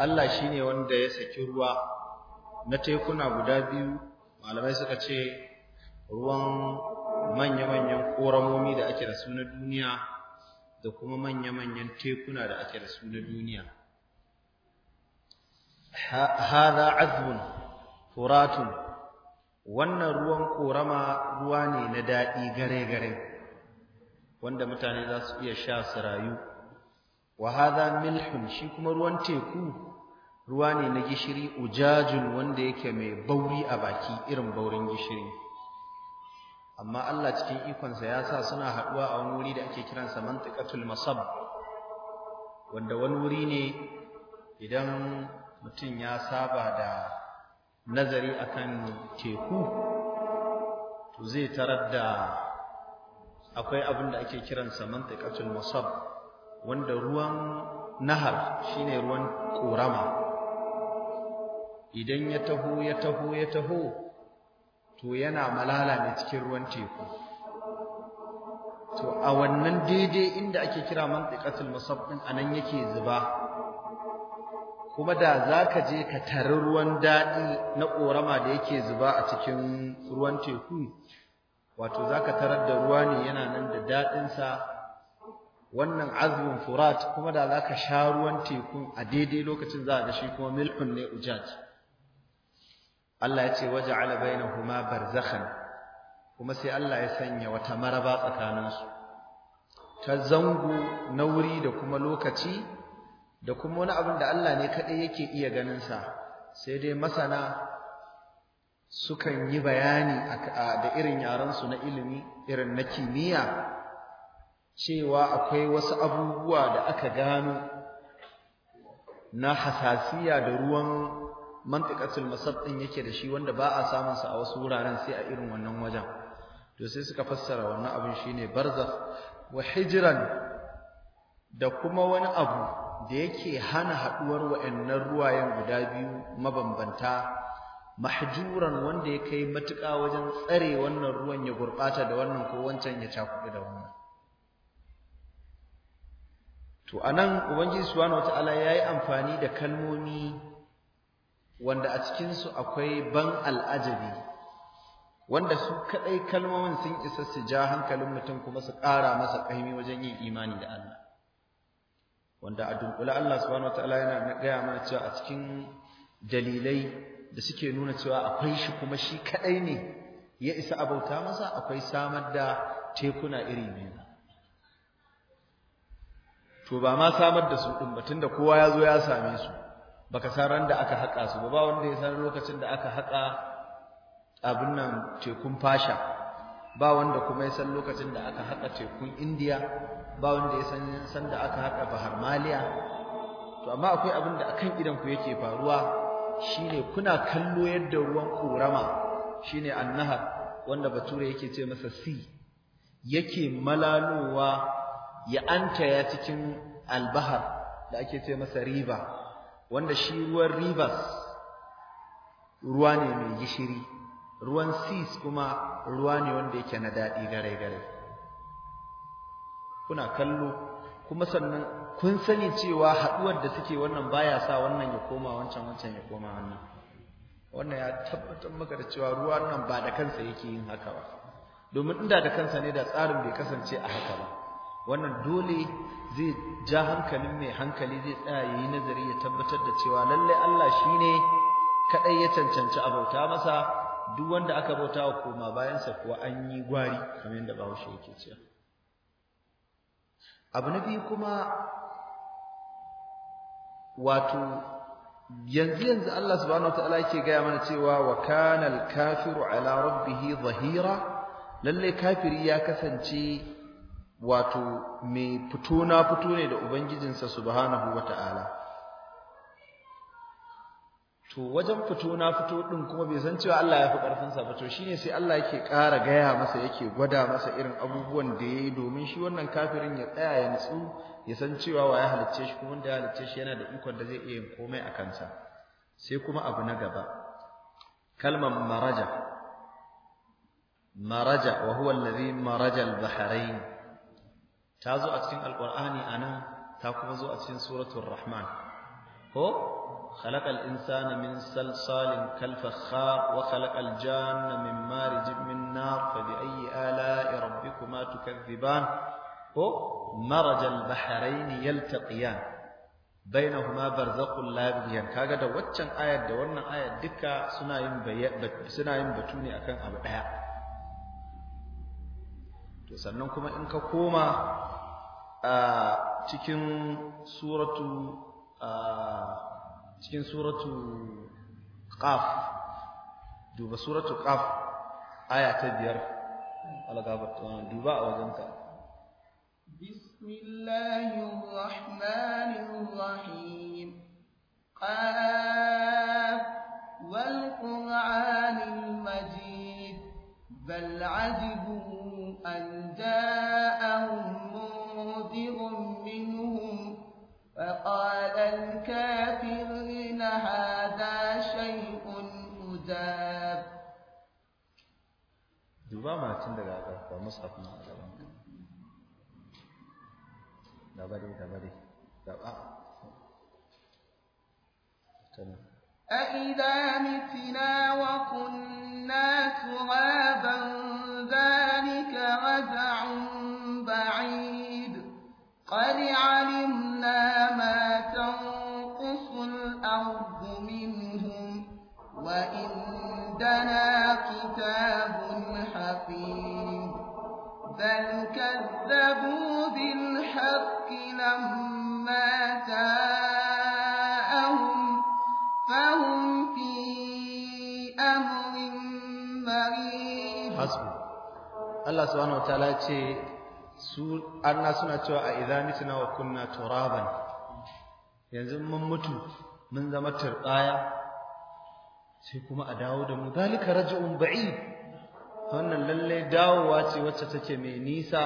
Allah shine wanda ya saki ruwa na tekuna guda biyu malamai suka ce ruwan manya-manyan koramomi da ake da su na duniya da kuma manya-manyan tekuna da ake da su na duniya hada azbun furatun wannan ruwan korama ruwa ne na daɗi gare-gare wanda mutane za su iya sha su rayu wa hada milhun shi kuma ruwan teku ruwa ne na gishiri ujajun wanda yake mai bauri a baki irin baurin gishiri amma Allah cikin ikonsa ya sa suna haɗuwa a wani wuri da ake kiran kiransa mantaqatul masab wanda wani wuri ne idan mutum ya saba da nazari akan teku to zai tarar da akwai abin da ake kiran kiransa mantaqatul masab wanda ruwan nahar shine ruwan ƙorama. idan ya taho ya taho ya taho to yana malala ne cikin ruwan teku to a wannan daidai inda ake kira mantiqatul musab din anan yake zuba kuma da zaka je ka tari ruwan daɗi na korama da yake zuba a cikin ruwan teku wato zaka tarar da ruwa ne yana nan da daɗinsa sa wannan azumin furat kuma da zaka sha ruwan tekun a daidai lokacin za a ga shi kuma milhun ne ujaji Allah ya ce waje huma huma barzakhan kuma sai Allah ya sanya wata maraba tsakaninsu ta zango na wuri da kuma lokaci da kuma wani abin da Allah ne kadai yake iya ganin sa sai dai masana sukan yi bayani da irin yaran su na ilimi irin na kimiyya cewa akwai wasu abubuwa da aka gano na hasasiya da ruwan mantiqatul masab din yake da shi wanda ba a samun sa a wasu wuraren sai a irin wannan wajen to sai suka fassara wannan abin shine barzakh wa hijran da kuma wani abu da yake hana haduwar wayannan ruwayen guda biyu mabambanta mahjuran wanda ya kai matuƙa wajen tsare wannan ruwan ya gurɓata da wannan ko wancan ya cakuɗe da wannan to anan ubangiji subhanahu wataala yayi amfani da kalmomi wanda a cikinsu akwai ban al'ajabi wanda su kadai kalmomin sun isa su ja hankalin mutum kuma su ƙara masa ƙaimi wajen yin imani da Allah wanda a dunkula Allah subhanahu wataala yana gaya mana cewa a cikin dalilai da suke nuna cewa akwai shi kuma shi kadai ne ya isa abauta masa akwai samar da tekuna iri biyu to ba ma samar da su ɗin ba tunda kowa ya zo ya same su baka san ran da aka haƙa su ba ba wanda ya san lokacin da aka haƙa abin nan tekun fasha ba wanda kuma ya san lokacin da aka haƙa tekun indiya ba wanda ya san san da aka haƙa bahar maliya to amma akwai abin da akan idan ku yake faruwa shine kuna kallo yadda ruwan korama shine annahar wanda bature yake ce masa si yake malalowa ya anta ya cikin albahar da ake ce masa riba wanda shi ruwan rivers ruwa ne mai gishiri ruwan seas kuma ruwa ne wanda yake na daɗi gare gare kuna kallo kuma sannan kun sani cewa haɗuwar da suke wannan baya sa wannan ya koma wancan wancan ya koma wannan wannan ya tabbatar maka da cewa ruwan nan ba da kansa yake yin haka ba domin inda da kansa ne da tsarin bai kasance a haka ba wannan dole zai ja hankalin mai hankali zai tsaya yayi nazari ya tabbatar da cewa lallai Allah shine kaɗai ya cancanci abauta masa duk wanda aka bauta wa koma bayansa kuwa an yi gwari kamar yadda Bahaushe yake cewa abu na kuma wato yanzu yanzu Allah subhanahu wataala yake gaya mana cewa wa kana al-kafiru ala rabbihi zahira lalle kafiri ya kasance wato mai fito na fito ne da ubangijinsa subhanahu wata'ala to wajen fito na fito din kuma bai san cewa Allah ya fi karfin sa ba to shi shine sai Allah yake ƙara gaya masa yake gwada masa irin abubuwan da yayi domin shi wannan kafirin ya tsaya ya nutsu ya san cewa wa ya halicce shi kuma da ya halicce shi yana da ikon da zai iya komai a kansa sai kuma abu na gaba kalmar maraja maraja wa huwa alladhi maraja bahrain تازو أتين القرآن أنا تاكوزو أتين سورة الرحمن هو خلق الإنسان من سلسال كالفخار وخلق الجان من مارج من نار فبأي آلاء ربكما تكذبان هو مرج البحرين يلتقيان بينهما برزق لا يبغيان كاغدا واتشان آية دورنا آية دكا سنايم سنايم بتوني أكن أبدا تسنن كما إنك كوما a cikin suratu a cikin suratu qaf duba suratu qaf aya ta biyar alagabar duba a wajenka bismillahir rahmanir rahim qaf wal qur'anil majid bal ajibu an ja'ahum فقال الكافرين هذا شيء أجاب دوبا ما تندقى أقرب ومصحف ما أقرب دبري دبري أئذا متنا وكنا ترابا كذبوا بالحق لما جاءهم فهم في أمر مريض su anna suna cewa a idza suna wa kunna turaban yanzu mun mutu mun zama turbaya sai kuma a dawo da mu zalika raj'un ba'id wannan lalle dawowa ce wacce take mai nisa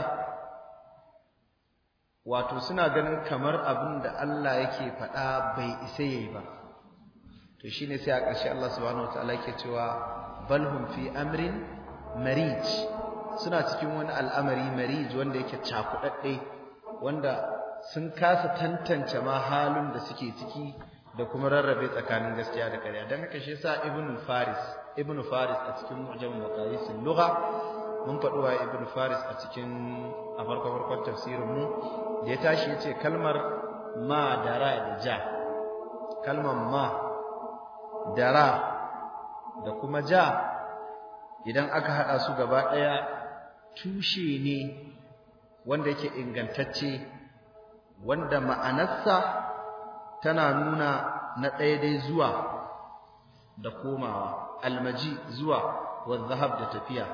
wato suna ganin kamar abin da Allah yake faɗa bai isa yayi ba to shine sai a ƙarshe Allah subhanahu wataala yake cewa balhum fi amrin marij suna cikin wani al'amari marij wanda yake cakuɗaɗɗe wanda sun kasa tantance ma halin da suke ciki da kuma rarrabe tsakanin gaskiya da ƙarya don haka shi yasa ibn faris ibn faris a cikin mu'jam maqayis al-lugha mun faɗuwa wa ibn faris a cikin a farko farkon tafsirin mu da ya tashi yace kalmar ma dara da ja kalmar ma dara da kuma ja idan aka hada su gaba daya tushe ne wanda yake ingantacce wanda ma'anarsa tana nuna na ɗaya dai zuwa da komawa almaji zuwa wa zahab da tafiya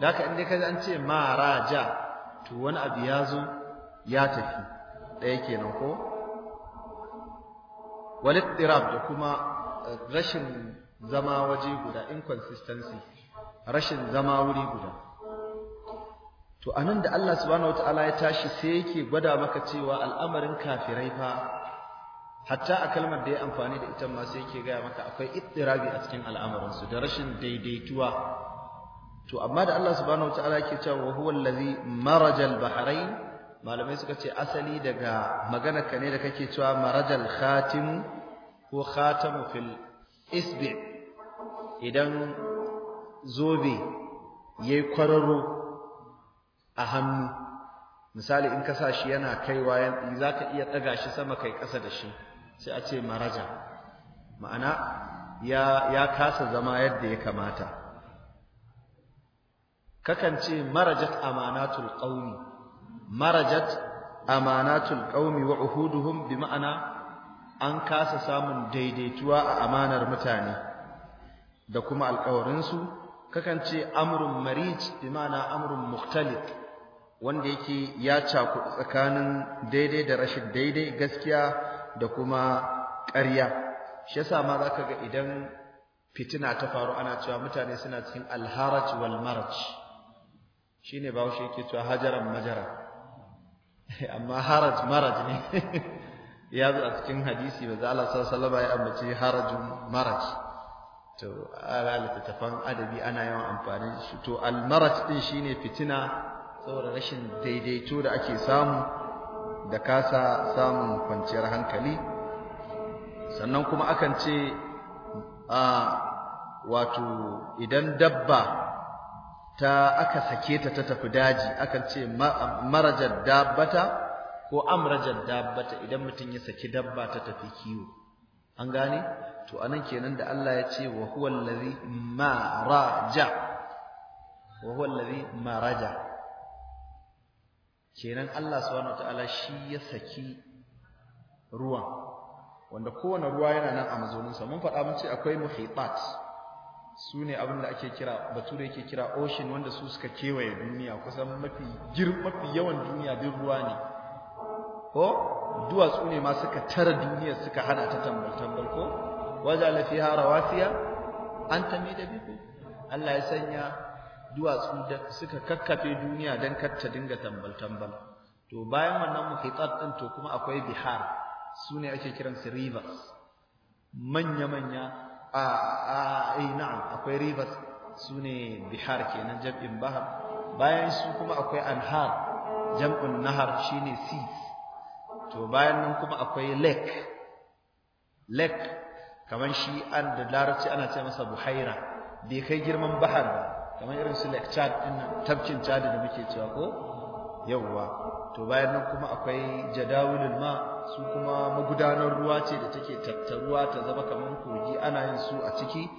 haka inda kaza an ce maraja to wani abu ya zo ya tafi ɗaya kenan ko walittirab da kuma eh, rashin zama waje guda inconsistency rashin zama wuri guda to anan da Allah subhanahu wataala ya tashi sai yake gwada maka cewa al'amarin kafirai fa hatta a kalmar da ya amfani da ita ma sai yake gaya maka akwai ittirabi a cikin al'amuransu da rashin daidaituwa to amma da Allah subhanahu wataala yake cewa wa huwa allazi marajal bahrain malamai suka ce asali daga maganar ka ne da kake cewa marajal khatim ko khatamu fil isbi idan zobe yayi kwararo a hannu misali in ka sa shi yana kaiwa za ka iya ɗaga shi sama kai ƙasa da shi sai a ce maraja ma'ana ya ya kasa zama yadda ya kamata kakan ce marajat amanatul qaumi marajat amanatul qaumi wa uhuduhum bi ma'ana an kasa samun daidaituwa a amanar mutane da kuma alƙawarinsu kakan ce amrun marij bi ma'ana amrun mukhtalif wanda yake ya cakuɗi tsakanin daidai da rashin daidai gaskiya da kuma ƙarya shi yasa ma zaka ga idan fitina ta faru ana cewa mutane suna cikin alharaj wal maraj shine bahaushe yake cewa hajaran majara amma haraj maraj ne ya zo a cikin hadisi ba za Allah sallallahu alaihi ya ambaci harajun maraj to ala littafan adabi ana yawan amfani shi to al maraj din shine fitina saboda rashin daidaito da ake samu da kasa samun kwanciyar hankali sannan kuma akan ce a wato idan dabba ta aka sake ta ta tafi daji akan ce marajar dabbata ko amrajar dabbata idan mutum ya saki dabba ta tafi kiwo an gane to anan kenan da Allah ya ce wa huwa allazi maraja wa huwa allazi maraja kenan Allah subhanahu wataala shi ya saki ruwan wanda kowane ruwa yana nan a mazauninsa mun faɗa mun ce akwai muhitat su ne abin da ake kira da yake kira ocean wanda su suka kewaye duniya kusan mafi mafi yawan duniya bin ruwa ne ko duwatsu ne ma suka tara duniyar suka hana ta tambal-tambal ko waje lafiya rawafiya an tamida biku Allah ya sanya duwatsu da suka kakkafe duniya dan katta ta dinga tambal tambal to bayan wannan muhitat din to kuma akwai bihar sune ake kiran su rivers manya manya a a eh na'am akwai rivers sune bihar kenan jam'in bahar bayan su kuma akwai anhar jam'un nahar shine seas to bayan nan kuma akwai lake lake kaman shi an da larabci ana ce masa buhaira bai kai girman bahar ba kamar irin su lake chad din nan tafkin chad da muke cewa ko yawwa to bayan nan kuma akwai jadawulul ma su kuma magudanar ruwa ce da take tattaruwa ta zama kamar kogi ana yin su a ciki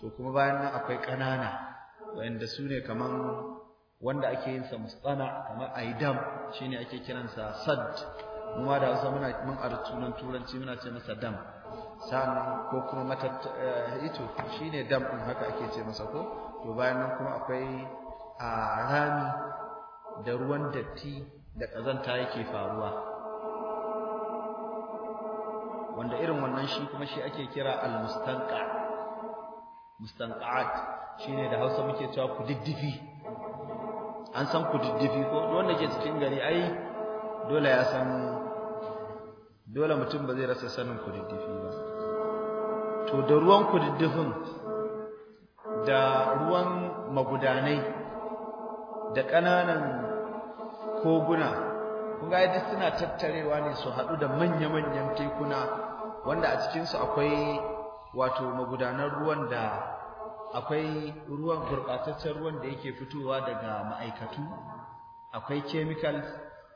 to kuma bayan nan akwai kanana wanda su ne kamar wanda ake yin sa mustana kamar aidam shine ake kiransa sad kuma da wasu muna mun a tunan turanci muna ce masa dam sannan ko kuma mata eh, ito shine dam din haka ake ce masa ko to bayan nan kuma akwai a rami da ruwan datti da kazanta yake faruwa wanda irin wannan shi kuma shi ake kira al-mustanqa mustanqaat shine da Hausa muke cewa kudiddifi an san kudiddifi ko wanda ke cikin gari ai dole ya san dole mutum ba zai rasa sanin kudiddifi ba to da ruwan kudiddifin da ruwan magudanai da ƙananan koguna kun ga duk suna tattarewa ne su haɗu da manya-manyan tekuna wanda a cikinsu akwai wato magudanan ruwan da akwai ruwan gurɓataccen ruwan da yake fitowa daga ma'aikatu akwai chemicals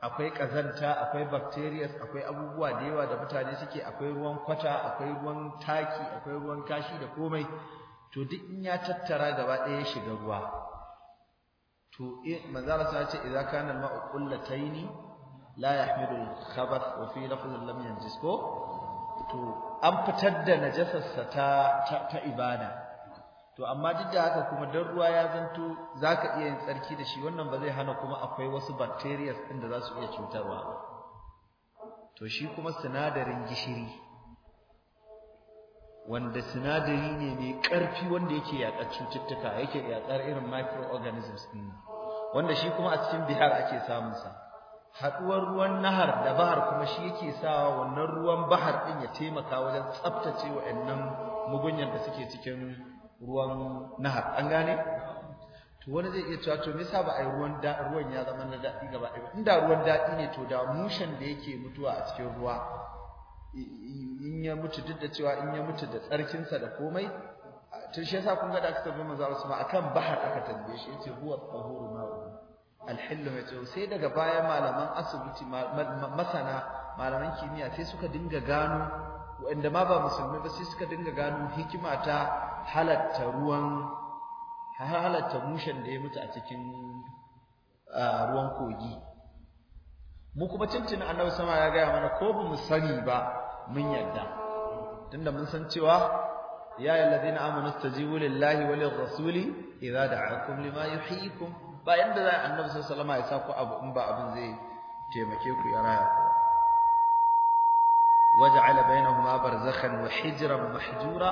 akwai ƙazanta akwai bacterias akwai abubuwa da yawa da mutane suke akwai ruwan kwata akwai ruwan taki akwai ruwan kashi da komai to duk in ya tattara gaba ɗaya ya shiga ruwa to eh, manzo Allah ya ce idza kana al-ma'u la yahmilu al-khabath wa fi lafzin lam yanjis ko to an fitar da najasarsa ta ta ibada to amma duk da haka kuma dan ruwa ya zanto zaka iya yin tsarki da shi wannan ba zai hana kuma akwai wasu bacteria din da za su iya cutarwa to shi kuma sinadarin gishiri wanda sinadari ne mai ƙarfi wanda yake yaƙar cututtuka yake yaƙar irin microorganisms ɗin wanda shi kuma a cikin bihar ake samun sa haɗuwar ruwan nahar da bahar kuma shi yake sawa wannan ruwan bahar ɗin ya taimaka wajen tsaftace wa'annan mugunyar da suke cikin ruwan nahar an gane to wani zai iya cewa to me yasa ba a yi ruwan ruwan ya zama na daɗi gaba ɗaya inda ruwan daɗi ne to da mushen da yake mutuwa a cikin ruwa in ya mutu duk da cewa in ya mutu da tsarkinsa da komai tun shi yasa kun ga da aka tabbata manzo Allah subhanahu akan bahar aka tambaye shi yace huwa tahuru ma'u alhillu yace sai daga baya malaman asibiti masana malaman kimiyya sai suka dinga gano wanda ma ba musulmi ba sai suka dinga gano hikima ta halatta ruwan halatta mushen da ya mutu a cikin ah, ruwan kogi mu kuma cincin annabi sama ya gaya mana ko ba mu sani ba mun yadda tunda mun san cewa ya ayyuhallazina amanu stajibu lillahi wa lirrasuli idza da'akum lima yuhyikum ba yanda za annabi sallallahu alaihi wasallam ya sa ku abu in ba abin zai taimake ku ya raya ku waj'ala bainahuma barzakhan wa hijran mahjura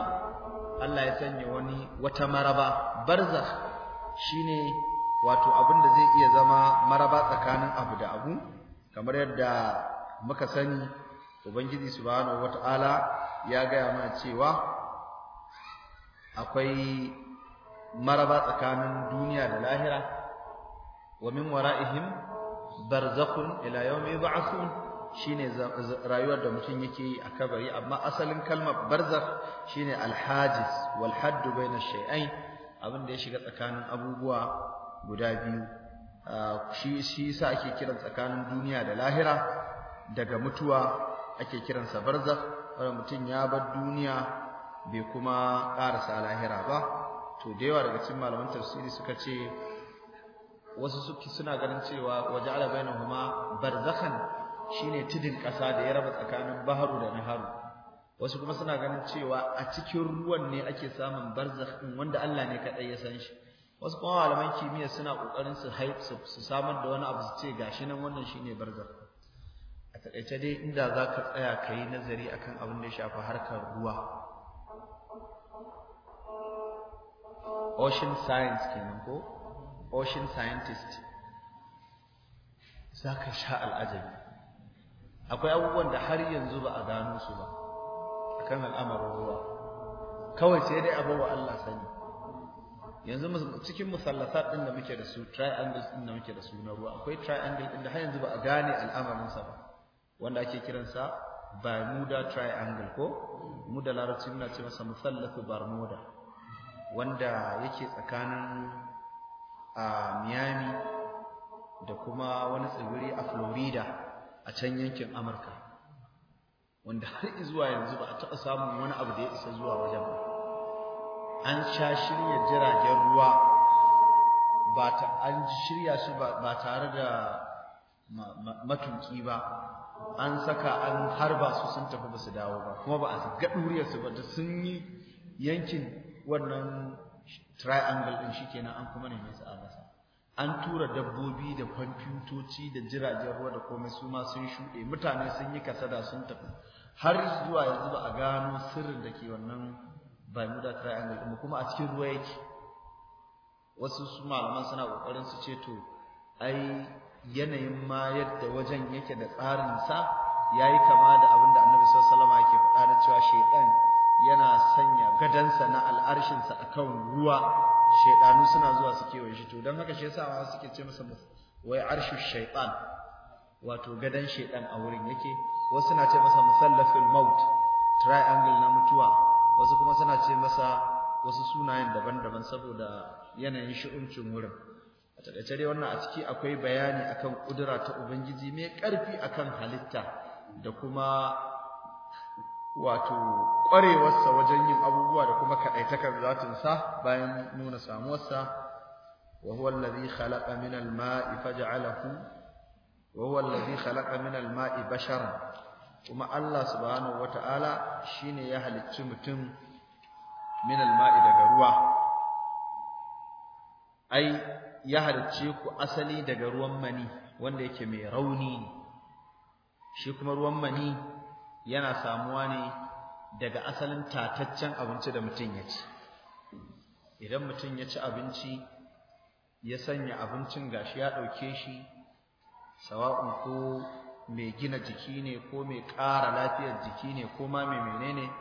Allah ya sanya wani wata maraba barzakh shine wato abin da zai iya zama maraba tsakanin abu da abu kamar yadda muka sani ubangiji subhanahu wataala ya gaya mana cewa akwai maraba tsakanin duniya da lahira wa min wara'ihim barzakhun ila yawmi yub'athun shine rayuwar da mutum yake yi a kabari amma asalin kalmar barzakh shine alhajis wal hadd bayna shay'ain abin ya shiga tsakanin abubuwa guda biyu Ah, shi shi sa ake kiran tsakanin duniya da lahira daga mutuwa ake kiransa barzakh wanda mutum ya bar duniya bai kuma karasa lahira ba to da yawa daga cikin malaman tafsiri suka ce wasu suke suna ganin cewa waja'ala bainahuma barzakhan shine tudin ƙasa da ya raba tsakanin baharu da naharu wasu kuma suna ganin cewa a cikin ruwan ne ake samun barzakh wanda Allah ne kadai ya san shi wasu kuma malaman kimiyya suna kokarin su haifu su samar da wani abu su ce gashi nan wannan shine barzakh a takaice dai inda za ka tsaya ka yi nazari akan abin da ya shafi harkar ruwa ocean science kenan ko ocean scientist Za ka sha al'ajabi akwai abubuwan da har yanzu ba a gano su ba akan al'amarin ruwa kawai sai dai abubuwa Allah sani yanzu cikin musallasat ɗin da muke da su triangles din da muke da su na ruwa akwai triangle din da har yanzu ba a gane al'amarin ba wanda ake kiransa Bermuda triangle ko mu da larabci muna ce masa musallasu Bermuda wanda yake tsakanin a Miami da kuma wani tsibiri a Florida a can yankin Amurka wanda har zuwa yanzu ba a taɓa samun wani abu da ya isa zuwa wajen ba an sha shirya jiragen ruwa ba ta an shirya su ba tare da matuki ba an saka an harba su sun tafi ba su dawo ba kuma ba a ga su ba da sun yi yankin wannan triangle ɗin shi kenan an kuma neme su a masa an tura dabbobi da kwamfutoci da jiragen ruwa da komai su ma sun shuɗe mutane sun yi kasada sun tafi har zuwa yanzu ba a gano sirrin da ke wannan muda triangle kuma kuma a cikin ruwa yake wasu su malaman suna kokarin su ce to ai yanayin ma yadda wajen yake da tsarin sa yayi kama da abin da Annabi sallallahu alaihi wasallam yake faɗa na cewa shaidan yana sanya gadansa na al'arshin sa akan ruwa Shaidanu suna zuwa su kewaye shi to dan haka shi yasa wasu suke ce masa wai arshu shaytan wato gadan shaidan a wurin yake wasu na ce masa musallafil maut triangle na mutuwa wasu kuma suna ce masa wasu sunayen daban-daban saboda yanayin shi'uncin wurin a takaice dai wannan a ciki akwai bayani akan kudura ta ubangiji mai karfi akan halitta da kuma wato kwarewarsa wajen yin abubuwa da kuma kadaitakar sa bayan nuna samuwarsa wa huwa allazi khalaqa min al-ma'i faj'alahu wa huwa allazi khalaqa min kuma Allah subhanahu wataala shine ya halicci mutum min alma'i daga ruwa ai ya halicci ku asali daga ruwan mani wanda yake mai rauni shi kuma ruwan mani yana samuwa ne daga asalin tataccen abinci da mutum ya ci idan mutum ya ci abinci ya sanya abincin gashi ya ɗauke shi sawa'un ko mai gina jiki ne ko mai ƙara lafiyar jiki ne ko ma mai menene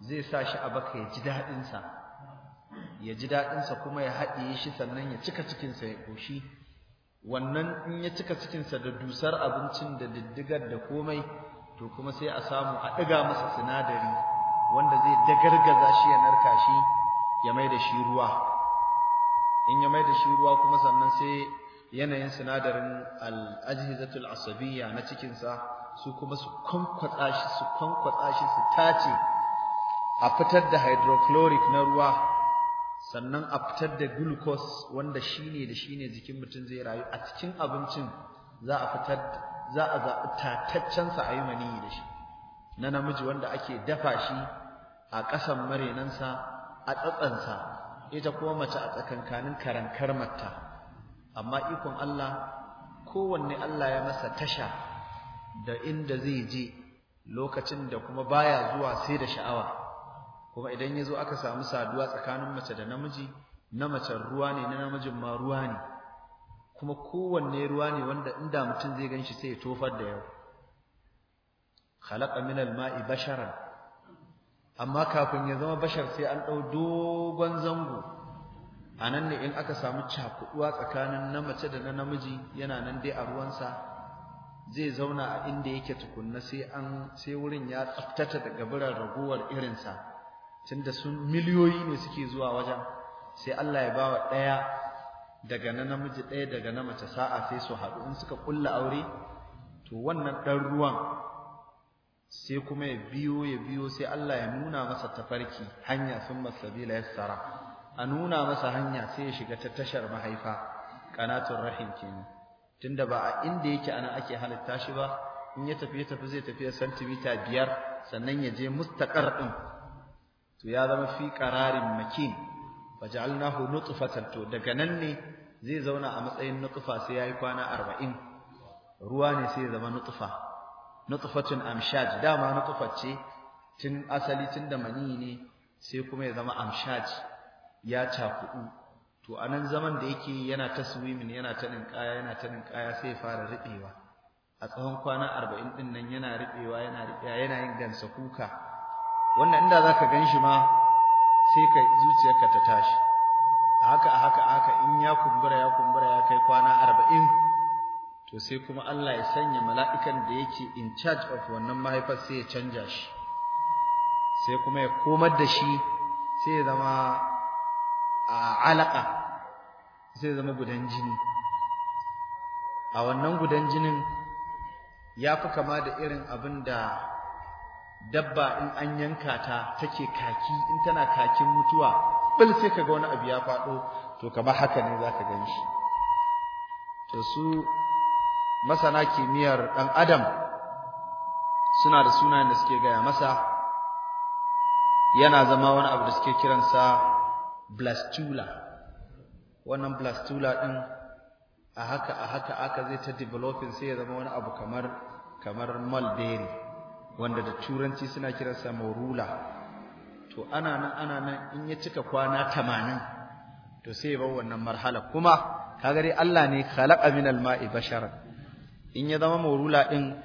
zai sa shi a baka ya ji daɗinsa ya ji daɗinsa kuma ya haɗiye shi sannan ya cika cikinsa ya ƙoshi wannan in ya cika cikinsa da dusar abincin da diddigar da komai to kuma sai a samu a ɗiga masa sinadari wanda zai dagargaza shi ya narka shi ya mai da shi ruwa in ya mai da shi ruwa kuma sannan sai yanayin sinadarin al'ajizatul asabiya asabiyya na cikinsa su kuma su kwankwatsa shi su kwankwatsa shi su tace a fitar da hydrochloric na ruwa sannan a fitar da glucose wanda shine da shine jikin mutum zai rayu a cikin abincin za a fitar za a zaɓi tataccen sa ayi maniyi da shi na namiji wanda ake dafa shi a ƙasan marenansa a tsatsansa ita kuma mace a tsakankanin karankar matta amma ikon Allah kowanne Allah ya masa tasha da inda zai je lokacin da kuma baya zuwa sai da sha'awa kuma idan ya zo aka samu saduwa tsakanin mace da namiji na macen ruwa ne na namijin ma ruwa ne kuma kowanne ruwa ne wanda inda mutum zai ganshi sai ya tofar da yau khalaqa minal ma'i basharan amma kafin ya zama bashar sai an dau dogon zango a nan ne in aka samu cakuduwa tsakanin na mace da na namiji yana nan dai a ruwansa zai zauna a inda yake tukunna sai an sai wurin ya tsaftata daga biran raguwar irinsa tunda sun miliyoyi ne suke zuwa wajen sai Allah ya bawa ɗaya daga na namiji ɗaya daga na mace sa'a sai su haɗu in suka kulla aure to wannan ɗan ruwan sai kuma ya biyo ya biyo sai Allah ya nuna masa tafarki hanya sun masabila yassara a nuna masa hanya sai ya shiga ta tashar mahaifa kanatun rahim kenan tunda ba a inda yake ana ake halitta shi ba in ya tafi ya tafi zai tafi santimita biyar sannan ya je mustaqar ɗin. to ya zama fi ƙararin makin faj'alnahu nutsufa to daga nan ne zai zauna a matsayin nutsufa sai ya yi kwana arba'in. ruwa ne sai ya zama nutsufa tun amshaj dama nutsufa ce tun asali tun da mani ne sai kuma ya zama amshaj ya cakudu to anan zaman da yake yana taswimin yana ta kaya yana ta kaya sai fara riɓewa a tsawon kwana 40 din nan yana riɓewa yana yana yin gansa kuka wannan inda zaka ganshi ma sai ka zuciyarka ta tashi haka haka haka in ya kumbura ya kumbura ya kai kwana 40 to sai kuma Allah ya sanya mala'ikan da yake in charge of wannan mahaifar sai ya canja shi sai kuma ya komar da shi sai ya zama alaka zai zama gudan jini a wannan gudan jinin ya fi kama da irin abin da dabba in an yanka ta take kaki in tana kakin mutuwa bil sai kaga wani abu ya faɗo to kamar haka ne zaka gan shi to su masana kimiyyar ɗan adam suna da sunayen da suke gaya masa yana zama wani abu da suke kiransa blastula wannan blastula din a haka a haka aka zai ta developing sai ya zama wani abu kamar kamar mulberry wanda da turanci suna kiransa morula to ana nan ana nan in ya cika kwana 80 to sai ya bar wannan marhala kuma kaga dai Allah ne khalaqa minal ma'i basharan in ya zama morula din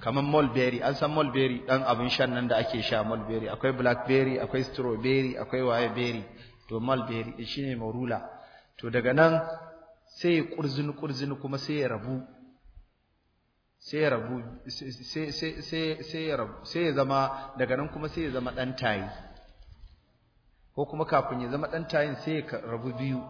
kamar mulberry an san mulberry dan abin shan nan da ake sha mulberry akwai blackberry akwai strawberry akwai waye berry to mulberry shine marula to daga nan sai ya kurzini kurzini kuma sai ya rabu sai ya rabu sai rabu sai ya zama daga nan kuma sai ya zama dan tayi ko kuma kafin ya zama dan tayin sai ya rabu biyu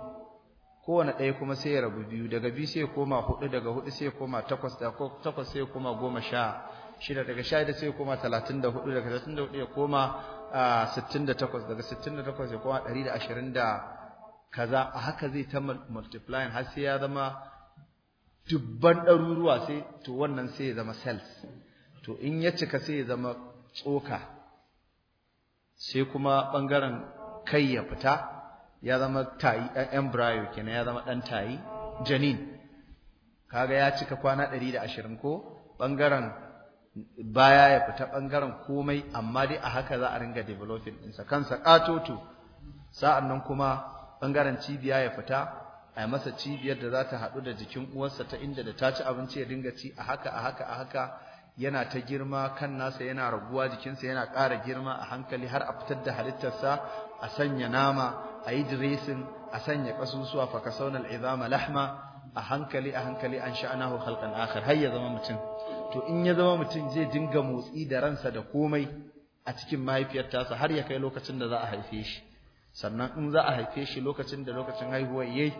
kowane ɗaya kuma sai ya rabu biyu daga biyu sai koma hudu daga hudu sai koma takwas da takwas sai koma goma sha shida daga sha da sai koma talatin da hudu daga talatin da hudu ya koma sittin da takwas daga sittin da takwas ya koma ɗari da ashirin da kaza a haka zai ta multiplying har sai ya zama dubban ɗaruruwa sai to wannan sai ya zama cells to in ya cika sai ya zama tsoka sai kuma ɓangaren kai ya fita ya zama tayi eh, embryo kenan ya zama ɗan tayi janin kaga ya cika kwana 120 ko bangaren baya ya fita bangaren komai amma dai a haka za a ringa developing ɗinsa kansa katoto sa'an nan kuma bangaren cibiya ya fita a masa cibiyar da za ta haɗu da jikin uwarsa ta inda da ta ci abinci ya dinga ci a haka a haka a haka yana ta girma kan nasa yana raguwa jikinsa yana ƙara girma a hankali har a fitar da halittarsa a sanya nama a yi diresin a sanya ƙasusuwa fa ka al'izama lahma a hankali a hankali an sha'anahu halkan akhar har ya zama mutum to in ya zama mutum zai dinga motsi da ransa da komai a cikin mahaifiyar tasa har ya kai lokacin da za a haife shi sannan in za a haife shi lokacin da lokacin haihuwar yayi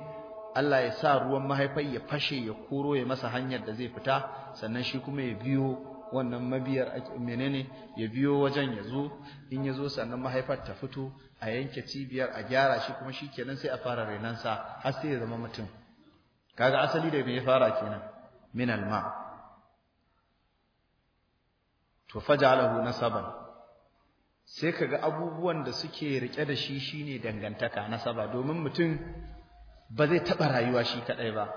Allah ya sa ruwan mahaifai ya fashe ya koro ya masa hanyar da zai fita sannan shi kuma ya biyo wannan mabiyar menene ya biyo wajen ya zo in ya zo sannan mahaifar ta fito a yanke cibiyar a gyara shi kuma shi shikenan sai a fara renansa har sai ya zama mutum kaga asali da me ya fara kenan min alma to faj'alahu nasaban sai kaga abubuwan da suke rike da shi shine dangantaka nasaba domin mutum ba zai taba rayuwa shi kadai ba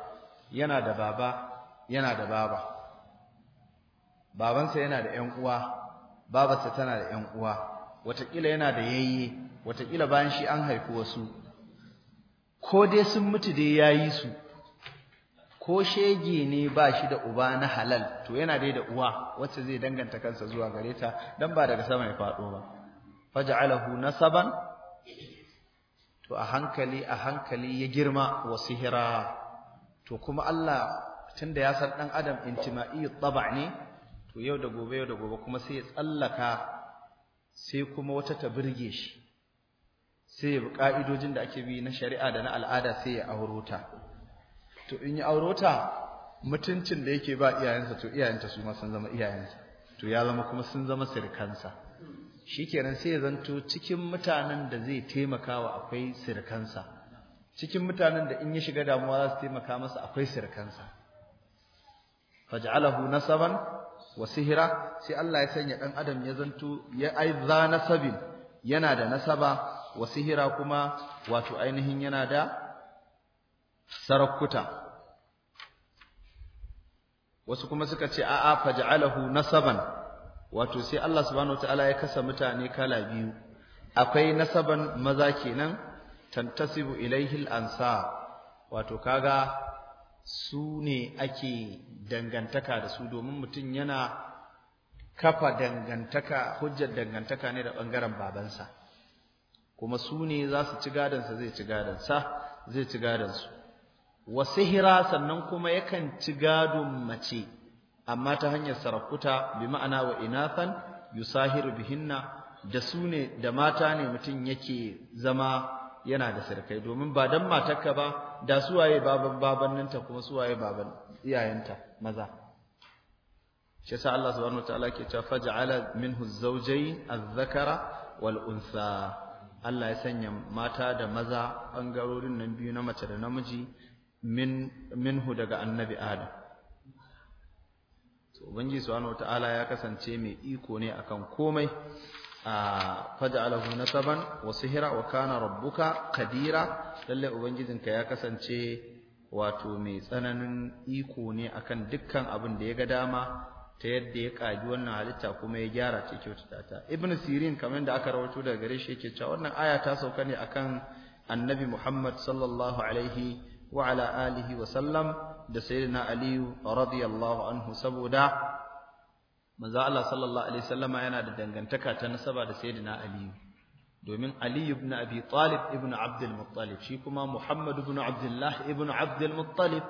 yana da baba yana da baba babansa yana da ƴan uwa babarsa tana da ƴan uwa watakila yana da yayye watakila bayan shi an haifi wasu ko dai sun mutu dai yayi su ko shege ne ba shi da uba na halal to yana dai da uwa wacce zai danganta kansa zuwa gare ta dan ba daga sama ya faɗo ba faj'alahu nasaban to a hankali a hankali ya girma wa sihira to kuma Allah tunda ya san dan adam intima'i taba ne to yau da gobe yau da gobe kuma sai ya tsallaka sai kuma wata ta birge shi sai ya bi ka'idojin da ake bi na shari'a da na al'ada sai ya aurota to in ya aurota mutuncin da yake ba iyayensa to iyayenta su ma sun zama iyayensa to ya zama kuma sun zama sirkansa shikenan sai ya zanto cikin mutanen da zai taimakawa akwai sirkansa cikin mutanen da in ya shiga damuwa za su taimaka masa akwai sirkansa faj'alahu nasaban wa sihira sai Allah ya sanya dan adam ya zanto ya aiza nasabin yana da nasaba wa sihira kuma wato ainihin yana da sarakuta wasu kuma suka ce a'a faj'alahu nasaban wato sai Allah subhanahu wataala ya kasa mutane kala biyu akwai nasaban maza kenan tantasibu ilaihil ansa ansar wato kaga su ne ake dangantaka da su domin mutum yana kafa dangantaka hujjar dangantaka ne da ɓangaren babansa kuma su ne za su ci gadansa zai ci gadansa zai ci gadansu wasu hira sannan kuma yakan ci gadon mace amma ta hanyar sarakuta bi ma'ana wa inafan yusahiru bihinna da su ne da mata ne mutum yake zama yana da sarkai domin ba don matarka ba da suwaye baban babanninta kuma suwaye baban iyayenta maza shi yasa Allah subhanahu wataala ke cewa faj'ala minhu zawjayn adh-dhakara wal untha Allah ya sanya mata da maza bangarorin nan biyu na mace da namiji min minhu daga annabi Adam to ubangiji subhanahu wataala ya kasance mai iko ne akan komai faj'alahu nasaban wa sihra wa kana rabbuka qadira lalle ka ya kasance wato mai tsananin iko ne akan dukkan abin da ya ga dama ta yadda ya kaji wannan halitta kuma ya gyara ta kyautata ta ibn sirin kamar da aka rawaito daga gare shi yake cewa wannan aya ta sauka ne akan annabi muhammad sallallahu alaihi wa ala alihi wa sallam da sayyidina aliyu radiyallahu anhu saboda manzo Allah sallallahu alaihi wasallama yana da dangantaka ta nasaba da sayyidina Ali domin Ali ibn Abi Talib ibn Abd al-Muttalib shi kuma Muhammad ibn Abdullah ibn Abd al-Muttalib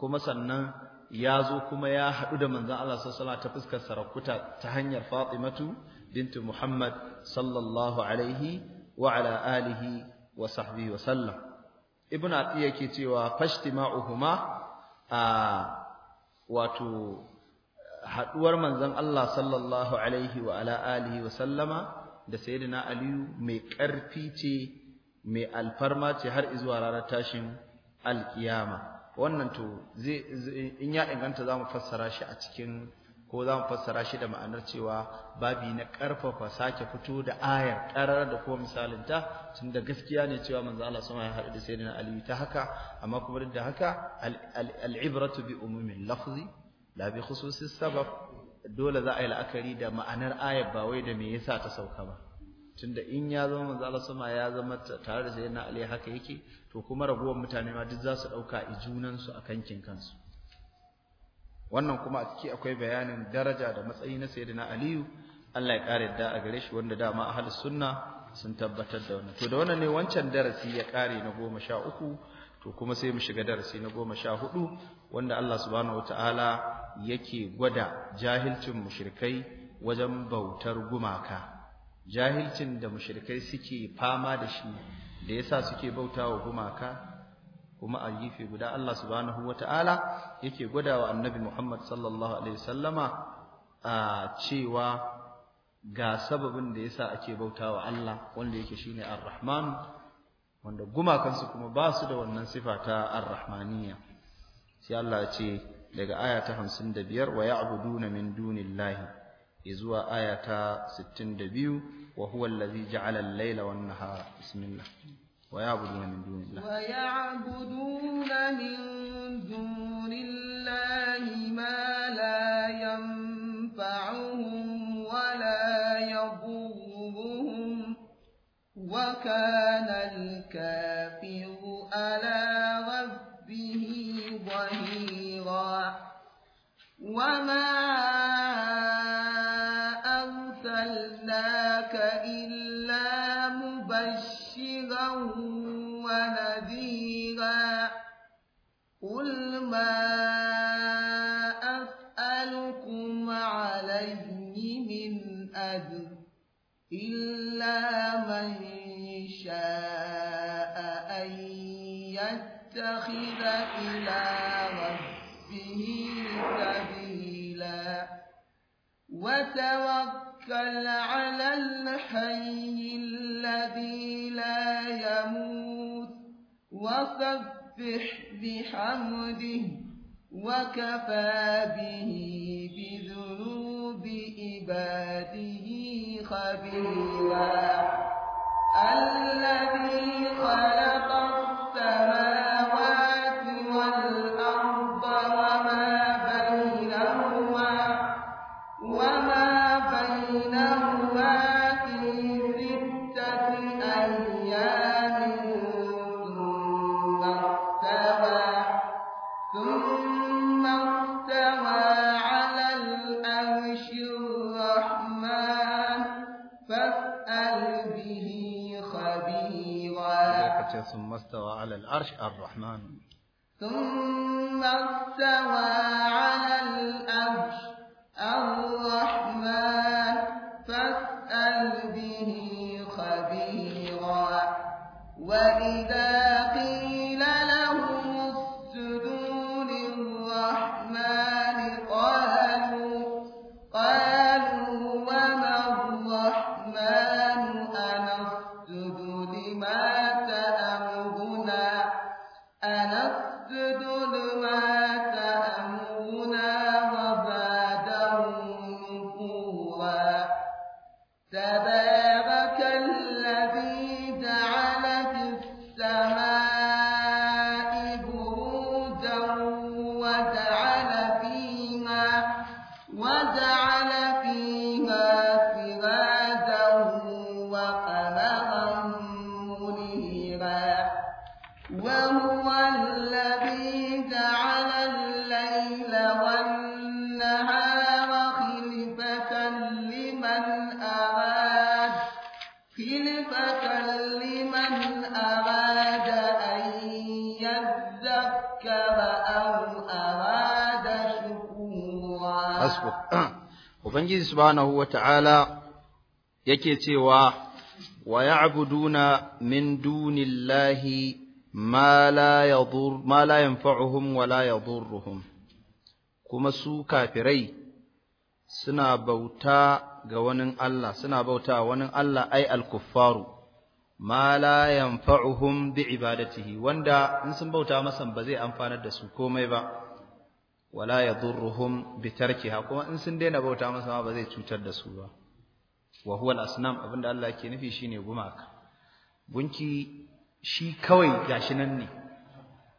kuma sannan ya zo kuma ya hadu da manzon Allah sallallahu alaihi ta fuskar sarakuta ta hanyar Fatimatu bintu Muhammad sallallahu alaihi wa ala alihi wa sahbihi wa sallam ibn Atiya yake cewa fashtima'uhuma a wato haduwar manzon Allah sallallahu alaihi wa ala alihi wa sallama da sayyidina Aliyu mai karfi ce mai alfarma ce har zuwa ranar tashin alkiyama wannan to zai in ya inganta zamu fassara shi a cikin ko zamu fassara shi da ma'anar cewa babi na ƙarfafa sake fito da ayar ƙarar da kuma misalinta tunda gaskiya ne cewa manzo Allah sama ya haɗu da sayyidina aliyu ta haka amma kuma duk da haka al-ibratu bi umumin lafzi la bi khususi sabab dole za a yi la'akari da ma'anar ayat ba wai da me yasa ta sauka ba tunda in ya zama manzo Allah sama ya zama tare da sayyidina Ali haka yake to kuma ragowar mutane ma duk za su dauka ijunan su akan kin kansu wannan kuma a ciki akwai bayanin daraja da matsayi na sayyidina Aliyu. Allah ya kare da a gare shi wanda dama ahlus sunna sun tabbatar da wannan to da wannan ne wancan darasi ya kare na 13 to kuma sai mu shiga darasi na goma sha hudu wanda Allah subhanahu wataala yake gwada jahilcin mushrikai wajen bautar gumaka jahilcin da mushrikai suke fama da shi da yasa suke bautawa gumaka kuma a gifi guda Allah subhanahu wataala yake wa annabi Muhammad sallallahu alaihi wasallama a cewa ga sababin da yasa ake bautawa Allah wanda yake shine Ar-Rahman wanda gumakansu kuma ba su da wannan sifa ta ar-rahmaniyya sai Allah ya ce daga aya ta 55 wa ya'buduna min dunillahi izuwa aya ta 62 wa huwa allazi ja'ala al-laila wan nahara bismillah wa ya'buduna min dunillahi wa ya'buduna min dunillahi ma la yanfa'uhum وكان الكافر على ربه ظهيرا وما أرسلناك إلا مبشرا ونذيرا قل ما أسألكم عليه من أجر إلا من إلى ربه سبيلا وتوكل على الحي الذي لا يموت وسبح بحمده وكفى به بذنوب عباده خبيرا الذي خلق الرحمن فاسأل به خبيرا ثم استوى على العرش الرحمن ثم استوى على العرش الرحمن فاسأل به خبيرا وإذا Ubangiji subhanahu wa ta'ala yake cewa, wa ya'buduna min dunillahi ma la yanfa'uhum wa la yadurruhum, kuma su kafirai suna bauta ga wani Allah, suna bauta wani Allah ai al-kuffaru, ma la yanfa'uhum bi ibadatihi, wanda in sun bauta masa ba zai amfanar da su komai ba. wala ya bi bitarkiha kuma in sun daina bauta masa ma ba zai cutar da su ba wa huwa al-asnam abinda Allah yake nufi shine gumaka gunki shi kawai gashi nan ne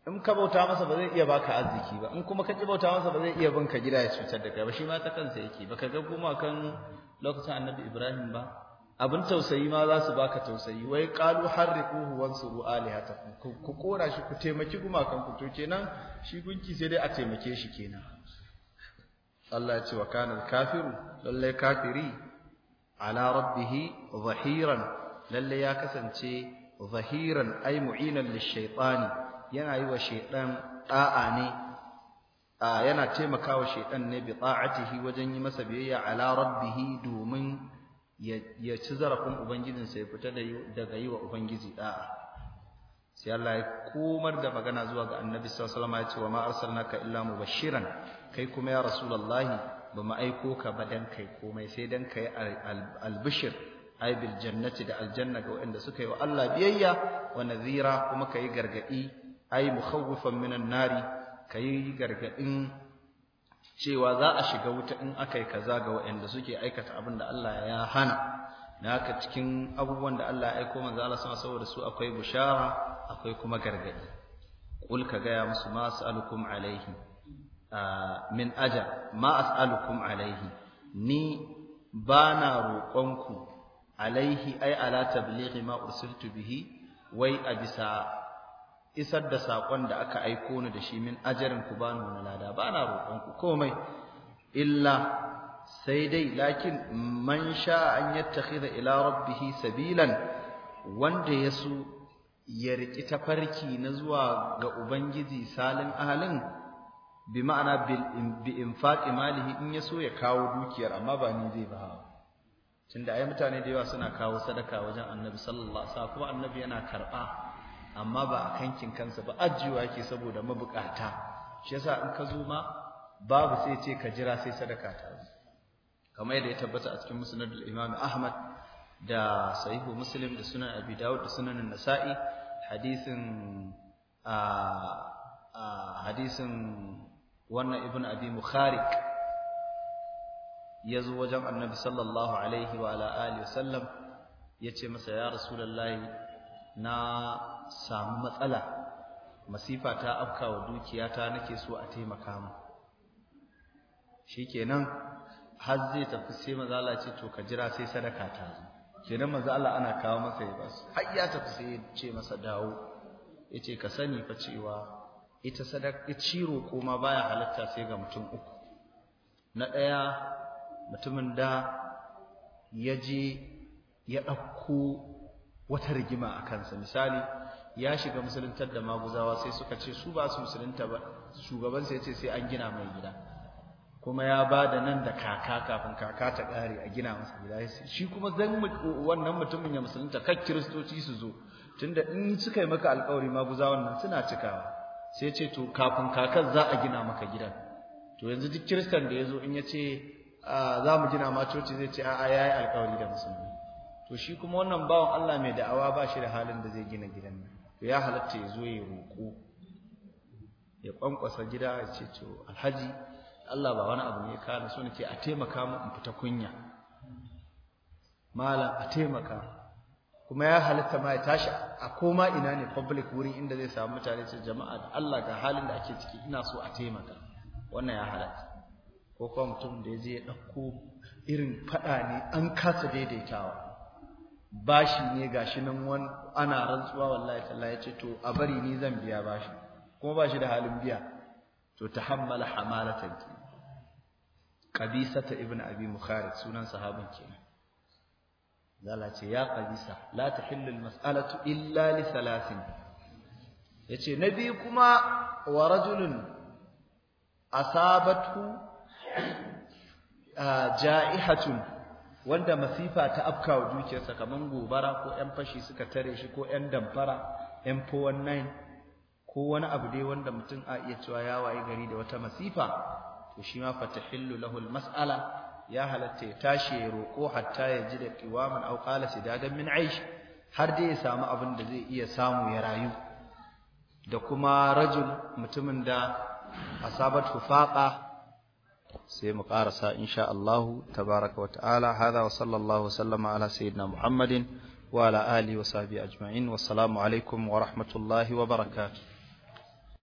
in ka bauta masa ba zai iya baka arziki ba in kuma ka ki bauta masa ba zai iya binka gida ya cutar da kai ba shi ma ta kansa yake baka ga gumakan lokacin Annabi Ibrahim ba abin tausayi ma za su baka tausayi wai qalu harriquhu wansuru alihatakum ku kora shi ku taimaki gumakan ku to kenan shi gunki sai dai a taimake shi kenan Allah ya ce wa kanal kafiru lalle kafiri ala rabbih zahiran lalle ya kasance zahiran ay mu'inan lishaytani yana yi wa shaytan da'a ne yana taimakawa shaytan ne bi ta'atihi wajen yi masa biyayya ala rabbih domin ya ci zarafin ubangijinsa ya fita daga yi wa ubangiji da'a sai Allah ya komar da magana zuwa ga annabi sallallahu ya ce wa ma arsalnaka illa bashiran kai kuma ya rasulallahi ba mu aiko ka ba dan kai komai sai dan kai albishir ai jannati da aljanna ga waɗanda suka yi wa Allah biyayya wa Nazira, kuma yi gargadi ai mukhawfan minan nari yi gargadin cewa za a shiga wuta in aka yi kaza ga waɗanda suke aikata abin da Allah ya hana na ka cikin abubuwan da Allah ya aiko manzo Allah sama saboda su akwai bushara akwai kuma gargadi qul ka gaya musu ma as'alukum alaihi min aja ma as'alukum alaihi ni bana roƙonku alaihi ai ala tablighi ma ursiltu bihi wai a bisa isar da saƙon da aka aiko ni da shi min ajarin ku bani wani lada ba na roƙon ku komai illa sai dai lakin man sha an yattakhidha ila rabbih sabilan wanda yasu ya riki tafarki na zuwa ga ubangiji salin ahalin bi ma'ana bi infaqi malihi in ya so ya kawo dukiyar amma ba ni zai ba tunda ai mutane da yawa suna kawo sadaka wajen annabi sallallahu alaihi wasallam kuma annabi yana karɓa. amma ba a kankin kansa ba ajiyewa yake saboda mabukata shi yasa in ka zo ma babu sai ce ka jira sai sadaka ta zo kamar yadda ya tabbata a cikin da imam ahmad da sahihu muslim da sunan abi dawud da sunan nasa'i hadisin a hadisin wannan ibn abi mukharik ya zo wajen annabi sallallahu alaihi wa ala wasallam ya ce masa ya rasulullahi na samu matsala masifa ta afka wa dukiyata nake so a taimaka mu shikenan har zai tafi sai manzo ce to ka jira sai sadaka ta zo kenan manzo Allah ana kawo masa ya basu har ya tafi sai ce masa dawo yace ka sani fa cewa ita sadaka ciro koma baya halatta sai ga mutum uku na daya mutumin da ya je ya ɗauko wata rigima a kansa misali ya shiga musuluntar da maguzawa sai suka ce su ba su musulunta ba shugaban sai ce sai an gina mai gida kuma ya ba da nan da kaka kafin kaka ta ƙare a gina masa gida shi kuma zan wannan mutumin ya musulunta kan kiristoci su zo tunda in suka yi maka alƙawari maguzawan nan suna cikawa sai ce to kafin kakan za a gina maka gidan to yanzu duk kiristan da ya zo in ya ce za mu gina ma coci zai ce a'a ya yi alƙawari da musulmi to shi kuma wannan bawan Allah mai da'awa ba shi da halin da zai gina gidan nan to ya halatta ya zo ya roƙo ya ƙwanƙwasa gida ya ce to alhaji Allah ba wani abu ne ya kana so nake a taimaka mu in fita kunya malam a taimaka kuma ya halatta ma ya tashi a koma ina ne public wurin inda zai samu mutane ce jama'a da Allah ga halin da ake ciki ina so a taimaka wannan ya halatta ko kuma mutum da ya je ya ɗauko irin faɗa ne an kasa daidaitawa bashi ne gashi nan wani ana rantsuwa wallahi tallahi ya ce to a bari ni zan biya bashi kuma bashi da halin biya to tahammala hamalatan ki qabisata ibn abi mukharij sunan sahabin kenan zala ce ya qabisa la tahillu masalatu illa li thalathin yace nabi kuma wa rajulun asabatu ah, ja'ihatun wanda masifa ta afka wa dukiyarsa kaman gobara ko ƴan fashi suka tare shi ko ƴan damfara ƴan 419 ko wani abu dai wanda mutum a iya cewa ya waye gari da wata masifa to shi ma fatahillu lahu almas'ala ya halatta ya tashi ya roƙo hatta ya ji da qiwaman aw qala sidadan min aish har dai ya samu abin da zai iya samu ya rayu da kuma rajul mutumin da asabat faqa sai mu karasa insha Allah tabaraka wa ta'ala hada wa sallallahu sallama ala sayyidina Muhammadin wa ala alihi wa sahbihi ajma'in wassalamu alaikum wa rahmatullahi wa barakatuh